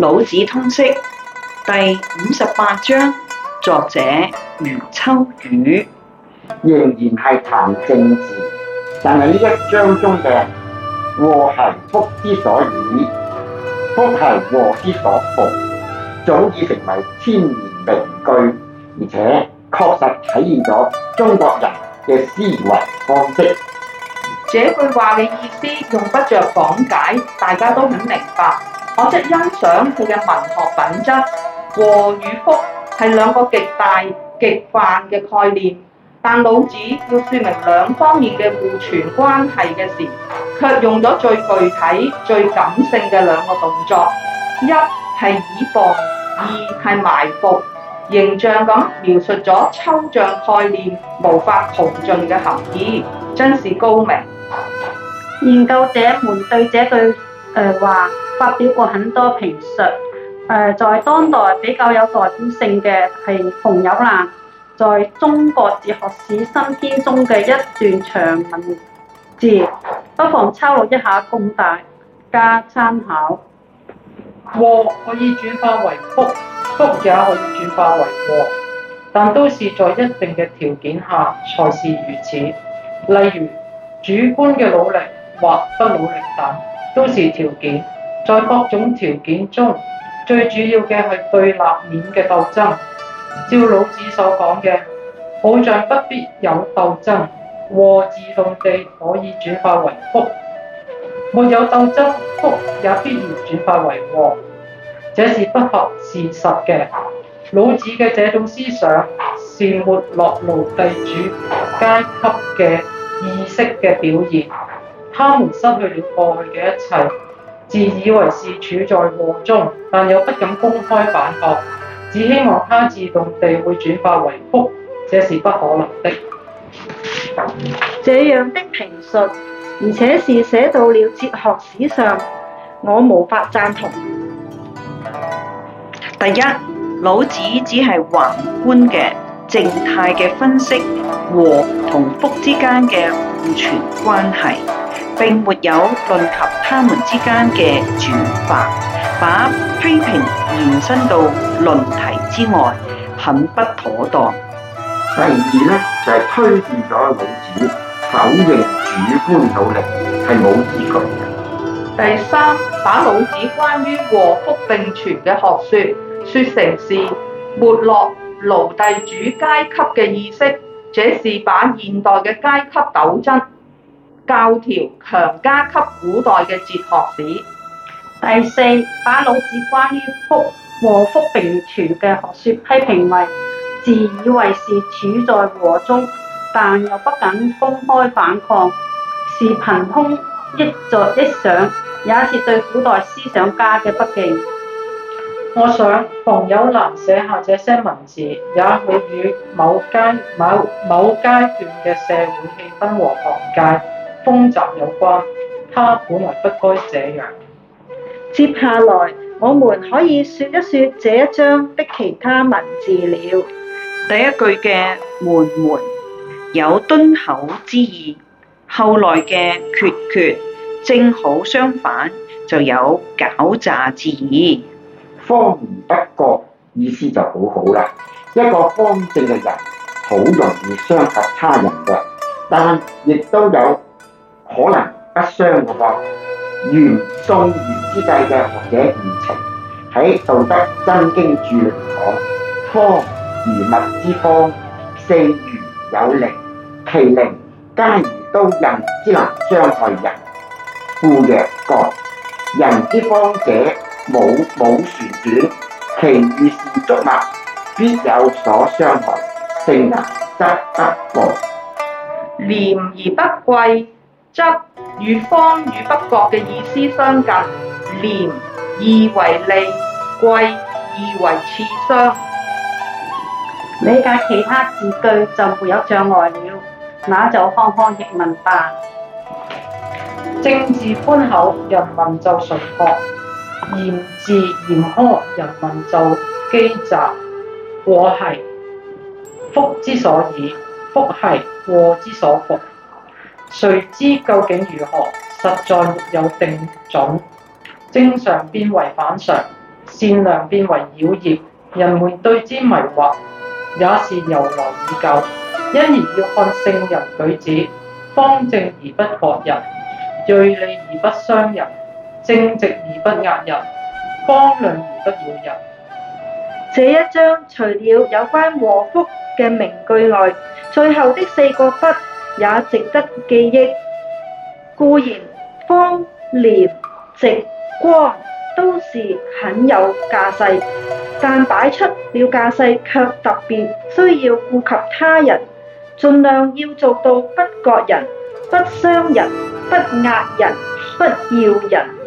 老子通識第五十八章，作者余秋雨，仍然係談政治，但係呢一章中嘅禍系福之所倚，福系禍之所伏」早已成為千年名句，而且確實體現咗中國人嘅思維方式。這句話嘅意思用不着講解，大家都很明白。我則欣賞佢嘅文學品質。禍與福係兩個極大極泛嘅概念，但老子要說明兩方面嘅互存關係嘅時，卻用咗最具體、最感性嘅兩個動作：一係倚傍，二係埋伏，形象咁描述咗抽象概念無法窮盡嘅含義，真是高明。研究者們對呢句。誒話、呃、發表過很多評述，誒、呃、在當代比較有代表性嘅係馮友蘭，在《中國哲學史新編》中嘅一段長文字，不妨抄錄一下供大家參考。禍可以轉化為福，福也可以轉化為禍，但都是在一定嘅條件下才是如此，例如主觀嘅努力或不努力等。都是條件，在各種條件中，最主要嘅係對立面嘅鬥爭。照老子所講嘅，好像不必有鬥爭，禍自動地可以轉化為福；沒有鬥爭，福也必然轉化為禍。這是不合事實嘅。老子嘅這種思想，是沒落奴隸主階級嘅意識嘅表現。他們失去了過去嘅一切，自以為是處在禍中，但又不敢公開反駁，只希望他自動地會轉化為福，這是不可能的。這樣的評述，而且是寫到了哲學史上，我無法贊同。第一，老子只係宏觀嘅靜態嘅分析，禍同福之間嘅互存關係。並沒有論及他們之間嘅轉化，把批評延伸到論題之外，很不妥當。第二呢，呢就係、是、推斷咗老子否認主觀努力係冇依據的。第三，把老子關於和福並存嘅學説説成是沒落奴隸主階級嘅意識，這是把現代嘅階級鬥爭教條強加給古代嘅哲學史。第四，把老子關於福和禍並存嘅學説批評為自以為是處在和中，但又不敢公開反抗，是憑空一作一想，也是對古代思想家嘅不敬。我想，馮友蘭寫下這些文字，也許與某階某某階段嘅社會氣氛和行界。風習有關，他本來不該這樣。接下來，我們可以説一説這一章的其他文字了。第一句嘅悶悶有敦厚之意，後來嘅缺缺正好相反，就有狡詐之意。方而不割，意思就好好啦。一個方正嘅人，好容易傷及他人嘅，但亦都有。可能不傷個方，元宋元之際嘅學者吳澄，喺道德真經著》注講：「科初如物之方，四如有靈，其靈皆如刀刃之能傷害人，故曰各人之方者，冇冇旋轉，其遇事觸物，必有所傷害，性難則不和，廉而不貴。則與方與不覺嘅意思相近，廉意為利，貴意為刺傷。理解其他字句就沒有障礙了，那就看看譯文吧。政治寬厚，人民就淳樸；言字嚴苛，人民就機雜。禍兮福之所倚，福兮禍之所伏。誰知究竟如何？實在沒有定準，正常變為反常，善良變為妖孽，人們對之迷惑，也是由來已久。因而要看聖人舉止，方正而不惑人，銳利而不傷人，正直而不壓人，光亮而不擾人。這一章除了有關禍福嘅名句外，最後的四個不。也值得記憶。固然，方廉、直光都是很有架勢，但擺出了架勢卻特別需要顧及他人，盡量要做到不割人、不傷人、不壓人、不要人。